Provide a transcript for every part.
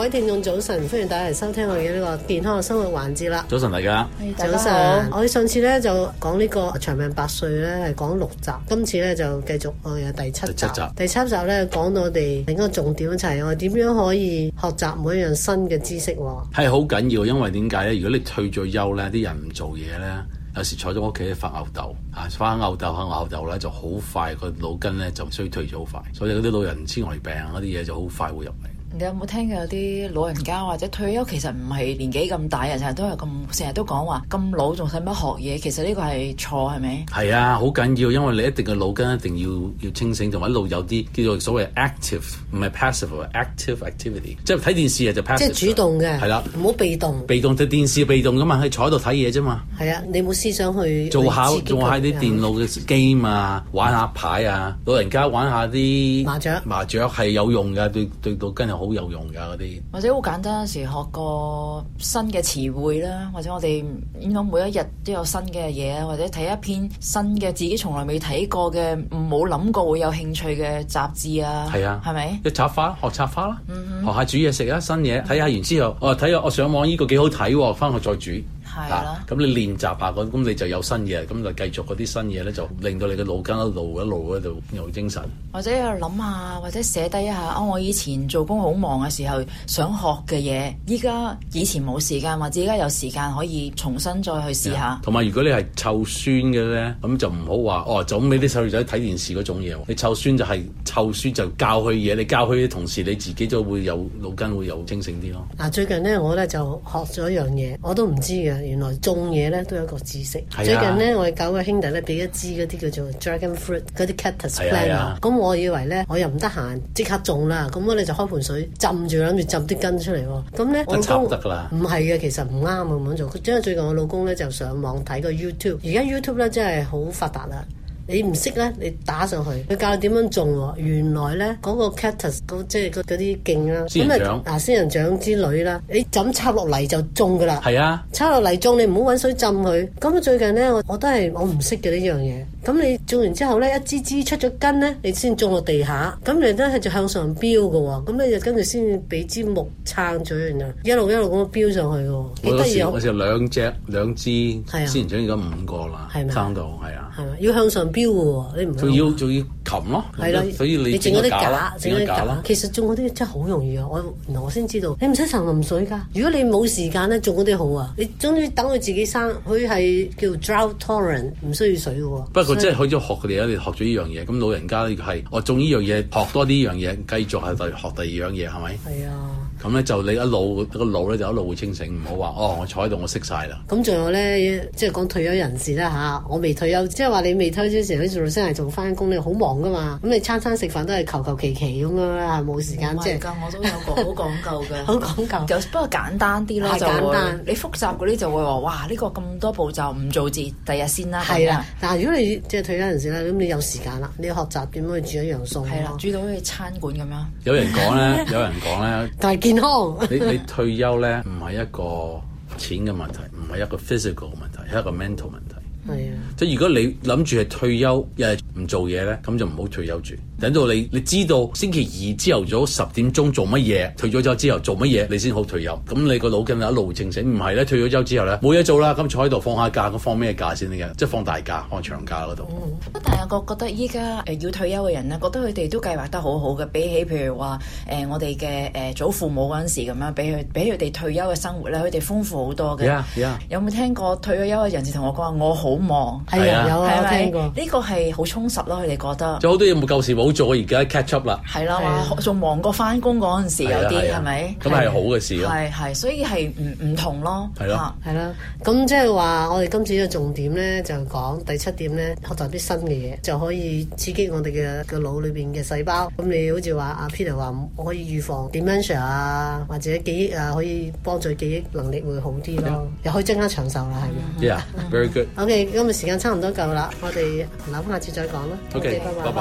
各位聽眾早晨，歡迎大家嚟收聽我哋嘅呢個健康嘅生活環節啦。早晨大家，早晨。早晨，我哋上次咧就講、這個、呢個長命百歲咧係講六集，今次咧就繼續我嘅第七集。第七集咧講到我哋另一個重點就係，我點樣可以學習每一樣新嘅知識？係好緊要，因為點解咧？如果你退咗休咧，啲人唔做嘢咧，有時坐咗屋企發吽豆啊，發吽豆吓吽豆咧就好快個腦筋咧就衰退咗好快，所以嗰啲老人痴呆病嗰啲嘢就好快會入嚟。你有冇聽過有啲老人家或者退休，其實唔係年紀咁大，成日都係咁，成日都講話咁老仲使乜學嘢？其實呢個係錯係咪？係啊，好緊要，因為你一定嘅腦筋一定要要清醒，同埋一路有啲叫做所謂 active，唔係 passive，active activity，即係睇電視啊就 passive 即係主動嘅。係啦、啊，唔好被動。被動就電視係被動噶嘛，係坐喺度睇嘢啫嘛。係啊，你冇思想去做一下去做下啲電腦嘅 game 啊，玩下牌啊，老人家玩下啲麻雀。麻雀係有用㗎，對對到筋好有用㗎嗰啲，或者好簡單時學個新嘅詞彙啦，或者我哋應該每一日都有新嘅嘢，或者睇一篇新嘅自己從來未睇過嘅，冇諗過會有興趣嘅雜誌啊。係啊，係咪吧？一插花啦，學插花啦，嗯嗯學下煮嘢食啊，新嘢睇下完之後，我睇下我上網呢個幾好睇，返學再煮。係啦，咁、啊、你練習啊，咁你就有新嘢，咁就繼續嗰啲新嘢咧，就令到你嘅腦筋一路一路喺度有精神。或者去諗下，或者寫低一下啊、哦！我以前做工好忙嘅時候，想學嘅嘢，依家以前冇時間，或者依家有時間可以重新再去試一下。同埋、啊、如果你係湊孫嘅咧，咁就唔好話哦，就咁俾啲細路仔睇電視嗰種嘢。你湊孫就係、是、湊孫，就教佢嘢，你教佢同時，你自己都會有腦筋會有清醒啲咯。嗱，最近咧，我咧就學咗一樣嘢，我都唔知嘅。原來種嘢咧都有一個知識。啊、最近咧，我哋九個兄弟咧俾一支嗰啲叫做 dragon fruit 嗰啲 cactus plant 咁，啊啊、我以為咧，我又唔得閒，即刻種啦。咁我哋就開盆水浸住，諗住浸啲根出嚟、哦。咁咧，我老公唔係嘅，其實唔啱咁樣做。因為最近我老公咧就上網睇個 YouTube，而家 YouTube 咧真係好發達啦。你唔識咧，你打上去，佢教你點樣種喎、啊？原來咧，嗰、嗰個 cactus 即係嗰啲勁啦、啊。仙人掌，嗱仙人掌之類啦，你枕插落嚟就種噶啦。係啊，插落嚟種你唔好搵水浸佢。咁最近咧，我都我都係我唔識嘅呢樣嘢。咁你種完之後咧，一支支出咗根咧，你先種落地下。咁你都係就向上飆㗎喎。咁你就跟住先俾支木撐咗樣啦，一路一路咁飆上去喎。幾得意！欸、我就我兩隻兩枝仙、啊、人掌而家五個啦，嗎三到係啊，啊。要向上飆要嘅喎，你唔仲要仲要擒咯，係咯的，所以你淨嗰啲假，整嗰啲假其實種嗰啲真係好容易啊！我我先知道，你唔使沉淋水噶。如果你冇時間咧，種嗰啲好啊。你總之等佢自己生，佢係叫 drought t o r r e n t 唔需要水嘅喎、啊。不過真係可以，以學佢哋啊！你學咗呢樣嘢，咁老人家咧係我種呢樣嘢，學多呢依樣嘢，繼續係第第二樣嘢，係咪？係啊。咁咧就你一路個腦咧就一路會清醒，唔好話哦，我坐喺度我識晒啦。咁仲有咧，即係講退休人士啦吓，我未退休，即係話你未退休。有時啲廚師係做翻工，你好忙噶嘛，咁你餐餐食飯都係求求其其咁樣啦，係冇時間即係。係㗎，我都有個好講究嘅，好講究，有不過簡單啲咯。係、啊、簡單，你複雜嗰啲就會話，哇，呢、呢個咁多步驟，唔做住，第日先啦、啊。係啦。但係如果你即係退休陣時咧，咁你有時間啦，你要學習點樣去煮一樣餸。係啦，煮到好似餐館咁樣有說。有人講咧，有人講咧，但係健康。你你退休咧，唔係一個錢嘅問題，唔係一個 physical 嘅問題，係一個 mental 問題。係啊，即係如果你諗住係退休又係唔做嘢咧，咁就唔好退休住。等到你你知道星期二朝頭早十點鐘做乜嘢，退咗休之後做乜嘢，你先好退休。咁你個腦筋啊一路清醒。唔係咧，退咗休之後咧冇嘢做啦，咁坐喺度放下假，咁放咩假先啲嘅？即係放大假，放長假嗰度。嗯、但係我覺得依家誒要退休嘅人咧，覺得佢哋都計劃得好好嘅。比起譬如話誒、呃、我哋嘅誒祖父母嗰陣時咁樣，比佢比佢哋退休嘅生活咧，佢哋豐富好多嘅。Yeah, yeah. 有冇聽過退咗休嘅人士同我講話？我好忙係啊，有啊，我聽過呢個係好充實咯，佢哋覺得。就好多嘢冇舊時冇做，而家 catch up 啦。係啦，仲忙過翻工嗰陣時有啲係咪？咁係好嘅事咯。係係，所以係唔唔同咯。係咯，係啦。咁即係話，我哋今次嘅重點咧，就講第七點咧，學習啲新嘅嘢，就可以刺激我哋嘅嘅腦裏邊嘅細胞。咁你好似話阿 Peter 話我可以預防 dementia 啊，或者記憶啊，可以幫助記憶能力會好啲咯，又可以增加長壽啦，係咪 Yeah, very good。OK 今日時間差唔多夠啦，我哋諗下次再講啦。OK，拜拜。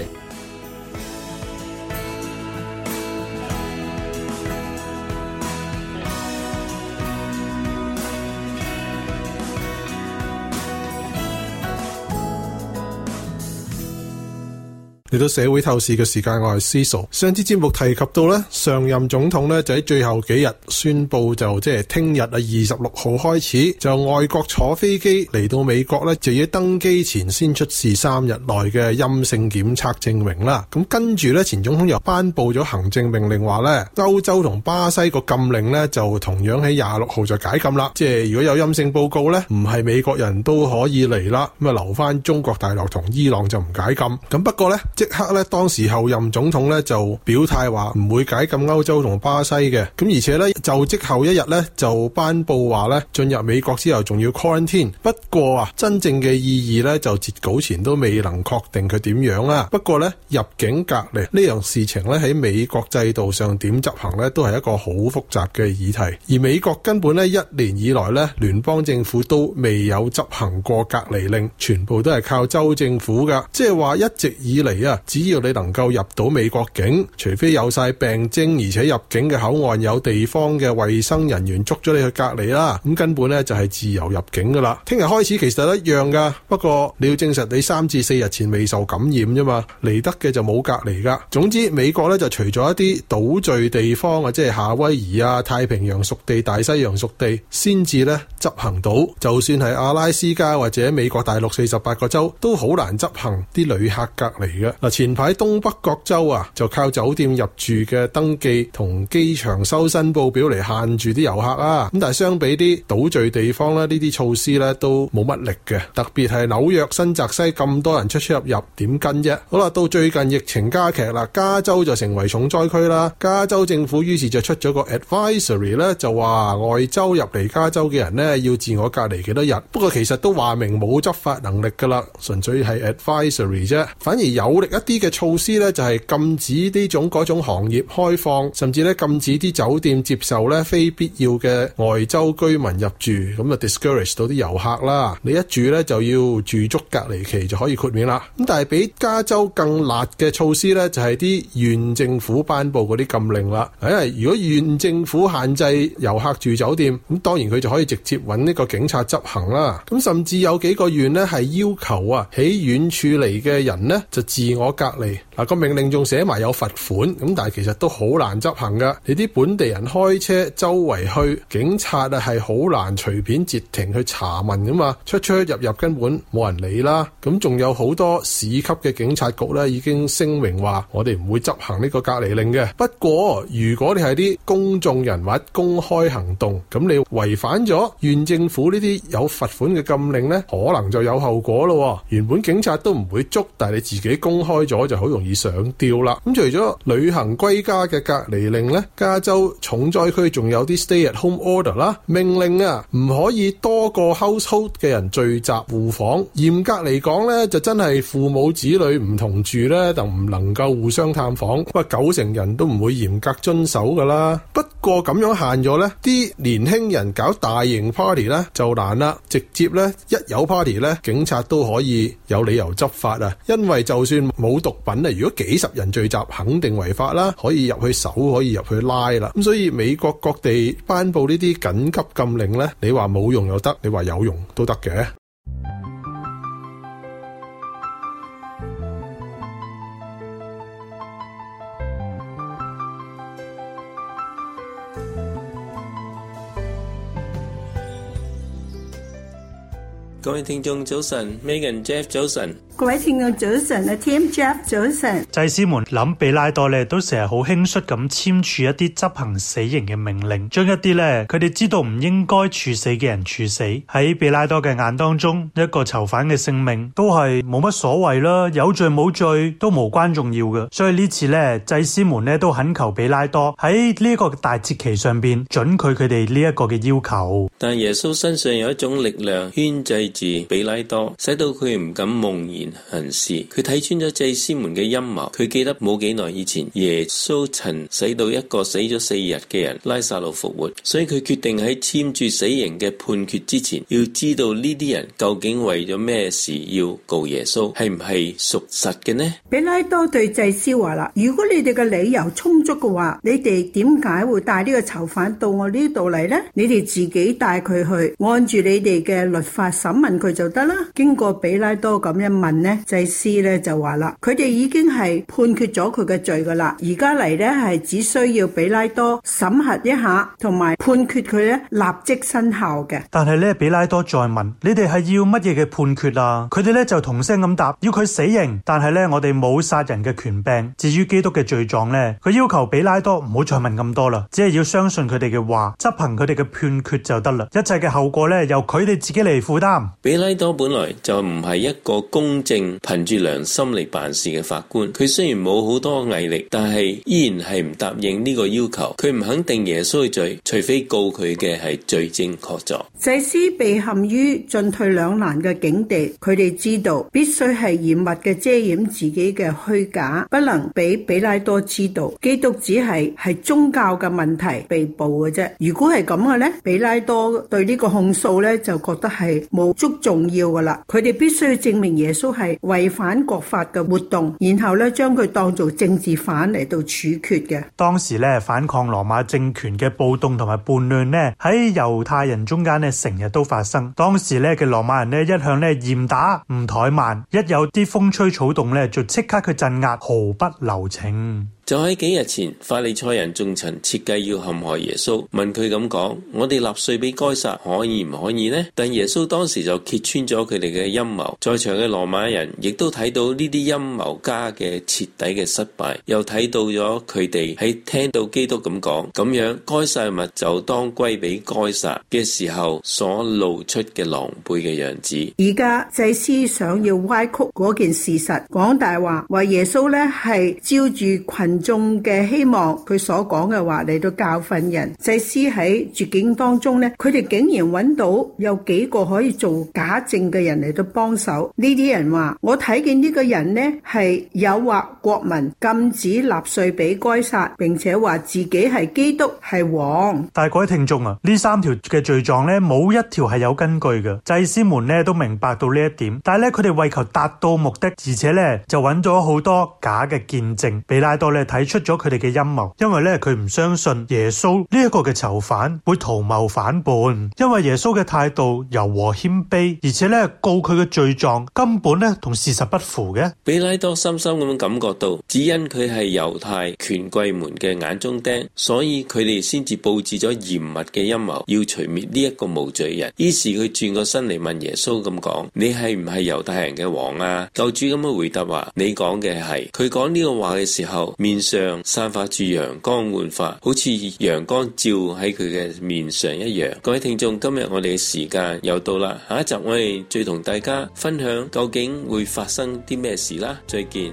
Bye bye. 嚟到社會透視嘅時間，我係 Cecil。上次節目提及到咧，上任總統咧就喺最後幾日宣布就，就即係聽日啊，二十六號開始就外國坐飛機嚟到美國咧，就要登機前先出示三日內嘅陰性檢測證明啦。咁、嗯、跟住咧，前總統又頒布咗行政命令，話咧歐洲同巴西個禁令咧就同樣喺廿六號就解禁啦。即係如果有陰性報告咧，唔係美國人都可以嚟啦。咁啊留翻中國大陸同伊朗就唔解禁。咁不過咧。即刻咧，當時候任總統咧就表態話唔會解禁歐洲同巴西嘅，咁而且咧就職後一日咧就頒布話咧進入美國之後仲要 quarantine。不過啊，真正嘅意義咧就截稿前都未能確定佢點樣啦。不過咧，入境隔離呢樣事情咧喺美國制度上點執行咧都係一個好複雜嘅議題，而美國根本咧一年以來咧聯邦政府都未有執行過隔離令，全部都係靠州政府㗎，即係話一直以嚟。只要你能夠入到美國境，除非有晒病徵，而且入境嘅口岸有地方嘅衛生人員捉咗你去隔離啦，咁根本咧就係自由入境噶啦。聽日開始其實一樣噶，不過你要證實你三至四日前未受感染啫嘛，嚟得嘅就冇隔離噶總之美國咧就除咗一啲島嶼地方或即係夏威夷啊、太平洋屬地、大西洋屬地先至咧執行到，就算係阿拉斯加或者美國大陸四十八個州都好難執行啲旅客隔離嘅。嗱，前排東北各州啊，就靠酒店入住嘅登記同機場收申報表嚟限住啲遊客啊。咁但係相比啲島嶼地方咧，呢啲措施咧都冇乜力嘅。特別係紐約、新澤西咁多人出出入入，點跟啫？好啦，到最近疫情加劇啦，加州就成為重災區啦。加州政府於是就出咗個 advisory 咧，就話外州入嚟加州嘅人咧要自我隔離幾多日。不過其實都話明冇執法能力噶啦，純粹係 advisory 啫。反而有一啲嘅措施咧，就係禁止呢種嗰種行業開放，甚至咧禁止啲酒店接受咧非必要嘅外州居民入住，咁啊 discourage 到啲遊客啦。你一住咧就要住足隔離期就可以豁免啦。咁但係比加州更辣嘅措施咧，就係啲縣政府頒布嗰啲禁令啦。誒，如果縣政府限制遊客住酒店，咁當然佢就可以直接揾呢個警察執行啦。咁甚至有幾個縣呢，係要求啊喺遠處嚟嘅人呢，就自我隔離嗱，嗰個命令仲寫埋有罰款咁，但係其實都好難執行噶。你啲本地人開車周圍去，警察啊係好難隨便截停去查問噶嘛，出出入入根本冇人理啦。咁仲有好多市級嘅警察局咧，已經聲明話我哋唔會執行呢個隔離令嘅。不過如果你係啲公眾人物公開行動，咁你違反咗縣政府呢啲有罰款嘅禁令呢，可能就有後果咯。原本警察都唔會捉，但係你自己公。開咗就好容易上吊啦！咁除咗旅行歸家嘅隔離令呢，加州重災區仲有啲 Stay-at-home order 啦，命令啊唔可以多個 household 嘅人聚集互訪。嚴格嚟講呢，就真係父母子女唔同住呢，就唔能夠互相探訪。喂，九成人都唔會嚴格遵守噶啦。不過咁樣限咗呢啲年輕人搞大型 party 呢，就難啦。直接呢，一有 party 呢，警察都可以有理由執法啊，因為就算。冇毒品啊！如果幾十人聚集，肯定違法啦，可以入去搜，可以入去拉啦。咁所以美國各地頒布呢啲緊急禁令咧，你話冇用又得，你話有用都得嘅。各位聽眾，早晨，Megan Jeff，早晨。各位聽眾，早晨啊，Tim Jeff 早晨。祭司們諗彼拉多咧，都成日好輕率咁簽署一啲執行死刑嘅命令，將一啲咧佢哋知道唔應該處死嘅人處死。喺彼拉多嘅眼當中，一個囚犯嘅性命都係冇乜所謂啦，有罪冇罪都無關重要嘅。所以呢次咧，祭司們咧都懇求彼拉多喺呢個大節期上邊准佢佢哋呢一個嘅要求。但耶穌身上有一種力量牽制住彼拉多，使到佢唔敢妄言。行事，佢睇穿咗祭司們嘅陰謀。佢記得冇幾耐以前，耶穌曾使到一個死咗四日嘅人拉撒路復活，所以佢決定喺簽注死刑嘅判決之前，要知道呢啲人究竟為咗咩事要告耶穌，係唔係屬實嘅呢？彼拉多對祭司話啦：如果你哋嘅理由充足嘅話，你哋點解會帶呢個囚犯到我呢度嚟呢？你哋自己帶佢去，按住你哋嘅律法審問佢就得啦。經過彼拉多咁一問。呢祭司咧就話啦，佢哋已經係判決咗佢嘅罪噶啦，而家嚟咧係只需要比拉多審核一下，同埋判決佢咧立即生效嘅。但係咧比拉多再問：你哋係要乜嘢嘅判決啊？佢哋咧就同聲咁答：要佢死刑。但係咧我哋冇殺人嘅權柄。至於基督嘅罪狀咧，佢要求比拉多唔好再問咁多啦，只係要相信佢哋嘅話，執行佢哋嘅判決就得啦。一切嘅後果咧由佢哋自己嚟負擔。比拉多本來就唔係一個公。憑住良心嚟辦事嘅法官，佢雖然冇好多毅力，但係依然係唔答應呢個要求。佢唔肯定耶穌嘅罪，除非告佢嘅係罪證確鑿。祭司被陷於進退兩難嘅境地，佢哋知道必須係嚴密嘅遮掩自己嘅虛假，不能俾彼拉多知道基督只係係宗教嘅問題被捕嘅啫。如果係咁嘅呢，彼拉多對呢個控訴呢就覺得係無足重要噶啦。佢哋必須證明耶穌。係違反國法嘅活動，然後咧將佢當作政治犯嚟，到處決嘅。當時咧反抗羅馬政權嘅暴動同埋叛亂咧，喺猶太人中間咧成日都發生。當時咧嘅羅馬人咧一向咧嚴打唔怠慢，一有啲風吹草動咧就即刻佢鎮壓，毫不留情。就喺幾日前，法利賽人仲曾設計要陷害耶穌，問佢咁講：我哋納稅俾該撒可以唔可以呢？但耶穌當時就揭穿咗佢哋嘅陰謀，在場嘅羅馬人亦都睇到呢啲陰謀家嘅徹底嘅失敗，又睇到咗佢哋喺聽到基督咁講，咁樣該撒物就當歸俾該撒嘅時候所露出嘅狼狽嘅樣子。而家祭司想要歪曲嗰件事實，講大話，話耶穌呢係招住群。眾嘅希望，佢所講嘅話嚟到教訓人。祭司喺絕境當中咧，佢哋竟然揾到有幾個可以做假證嘅人嚟到幫手。呢啲人話：我睇見呢個人咧係誘惑國民，禁止納稅俾該撒，並且話自己係基督係王。但係各位聽眾啊，呢三條嘅罪狀咧冇一條係有根據嘅。祭司們咧都明白到呢一點，但係咧佢哋為求達到目的，而且咧就揾咗好多假嘅見證。彼拉多咧。睇出咗佢哋嘅陰謀，因為咧佢唔相信耶穌呢一個嘅囚犯會圖謀反叛，因為耶穌嘅態度柔和謙卑，而且咧告佢嘅罪狀根本咧同事實不符嘅。彼拉多深深咁感覺到，只因佢係猶太權貴們嘅眼中釘，所以佢哋先至布置咗嚴密嘅陰謀，要除滅呢一個無罪人。於是佢轉個身嚟問耶穌咁講：你係唔係猶太人嘅王啊？救主咁樣回答話：你講嘅係。佢講呢個話嘅時候面。面上散發住陽光，煥發好似陽光照喺佢嘅面上一樣。各位聽眾，今日我哋嘅時間又到啦，下一集我哋再同大家分享究竟會發生啲咩事啦。再見。